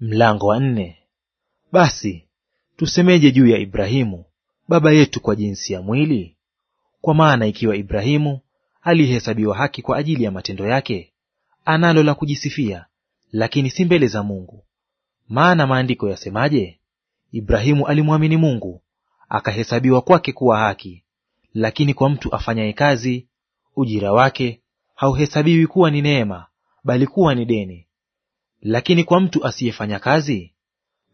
Mlango wa nne. Basi tusemeje juu ya Ibrahimu baba yetu kwa jinsi ya mwili? Kwa maana ikiwa Ibrahimu alihesabiwa haki kwa ajili ya matendo yake, analo la kujisifia, lakini si mbele za Mungu. Maana maandiko yasemaje? Ibrahimu alimwamini Mungu, akahesabiwa kwake kuwa haki. Lakini kwa mtu afanyaye kazi, ujira wake hauhesabiwi kuwa ni neema, bali kuwa ni deni. Lakini kwa mtu asiyefanya kazi,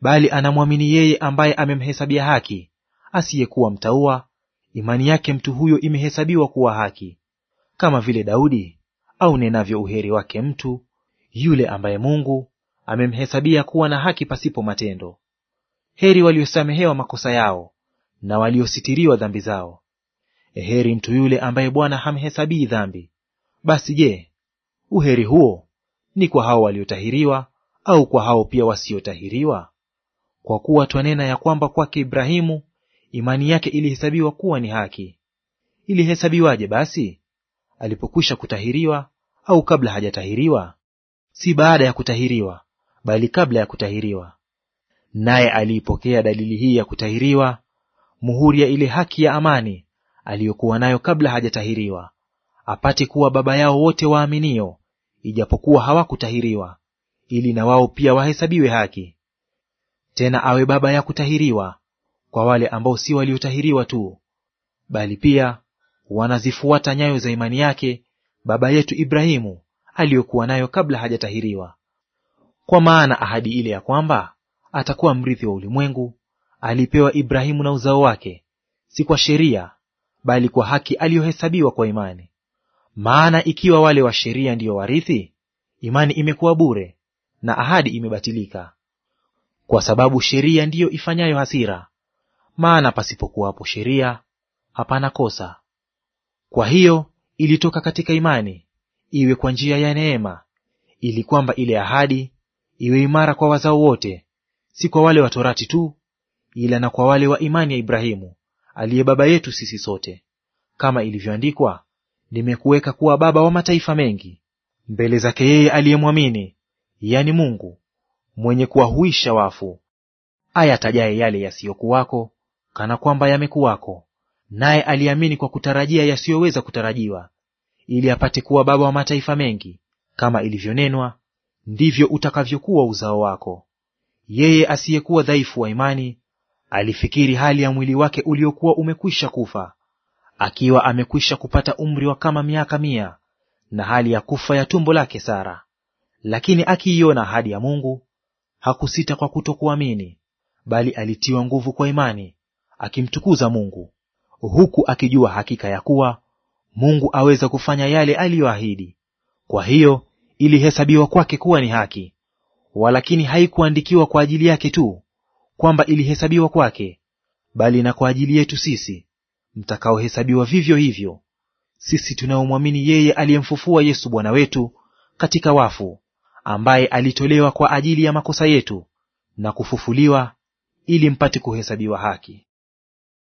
bali anamwamini yeye ambaye amemhesabia haki, asiyekuwa mtaua, imani yake mtu huyo imehesabiwa kuwa haki. Kama vile Daudi au nenavyo uheri wake mtu yule ambaye Mungu amemhesabia kuwa na haki pasipo matendo. Heri waliosamehewa makosa yao na waliositiriwa dhambi zao. Eh, heri mtu yule ambaye Bwana hamhesabii dhambi. Basi je, uheri huo ni kwa hao waliotahiriwa au kwa hao pia wasiotahiriwa? Kwa kuwa twanena ya kwamba kwake Ibrahimu imani yake ilihesabiwa kuwa ni haki. Ilihesabiwaje basi? Alipokwisha kutahiriwa au kabla hajatahiriwa? Si baada ya kutahiriwa, bali kabla ya kutahiriwa. Naye aliipokea dalili hii ya kutahiriwa, muhuri ya ile haki ya amani aliyokuwa nayo kabla hajatahiriwa, apate kuwa baba yao wote waaminio ijapokuwa hawakutahiriwa, ili na wao pia wahesabiwe haki. Tena awe baba ya kutahiriwa kwa wale ambao si waliotahiriwa tu, bali pia wanazifuata nyayo za imani yake baba yetu Ibrahimu aliyokuwa nayo kabla hajatahiriwa. Kwa maana ahadi ile ya kwamba atakuwa mrithi wa ulimwengu alipewa Ibrahimu na uzao wake, si kwa sheria, bali kwa haki aliyohesabiwa kwa imani. Maana ikiwa wale wa sheria ndiyo warithi, imani imekuwa bure na ahadi imebatilika. Kwa sababu sheria ndiyo ifanyayo hasira, maana pasipokuwapo sheria hapana kosa. Kwa hiyo ilitoka katika imani, iwe kwa njia ya neema, ili kwamba ile ahadi iwe imara kwa wazao wote, si kwa wale wa torati tu, ila na kwa wale wa imani ya Ibrahimu aliye baba yetu sisi sote, kama ilivyoandikwa nimekuweka kuwa baba wa mataifa mengi, mbele zake yeye aliyemwamini, yani Mungu mwenye kuwahuisha wafu, ayatajaye yale yasiyokuwako, kana kwamba yamekuwako, naye aliamini kwa kutarajia yasiyoweza kutarajiwa, ili apate kuwa baba wa mataifa mengi, kama ilivyonenwa, ndivyo utakavyokuwa uzao wako. Yeye asiyekuwa dhaifu wa imani alifikiri hali ya mwili wake uliokuwa umekwisha kufa, akiwa amekwisha kupata umri wa kama miaka mia na hali ya kufa ya tumbo lake Sara. Lakini akiiona ahadi ya Mungu hakusita kwa kutokuamini, bali alitiwa nguvu kwa imani, akimtukuza Mungu, huku akijua hakika ya kuwa Mungu aweza kufanya yale aliyoahidi. Kwa hiyo ilihesabiwa kwake kuwa ni haki. Walakini haikuandikiwa kwa ajili yake tu kwamba ilihesabiwa kwake, bali na kwa ajili yetu sisi mtakaohesabiwa vivyo hivyo sisi tunaomwamini yeye aliyemfufua Yesu Bwana wetu katika wafu, ambaye alitolewa kwa ajili ya makosa yetu na kufufuliwa ili mpate kuhesabiwa haki.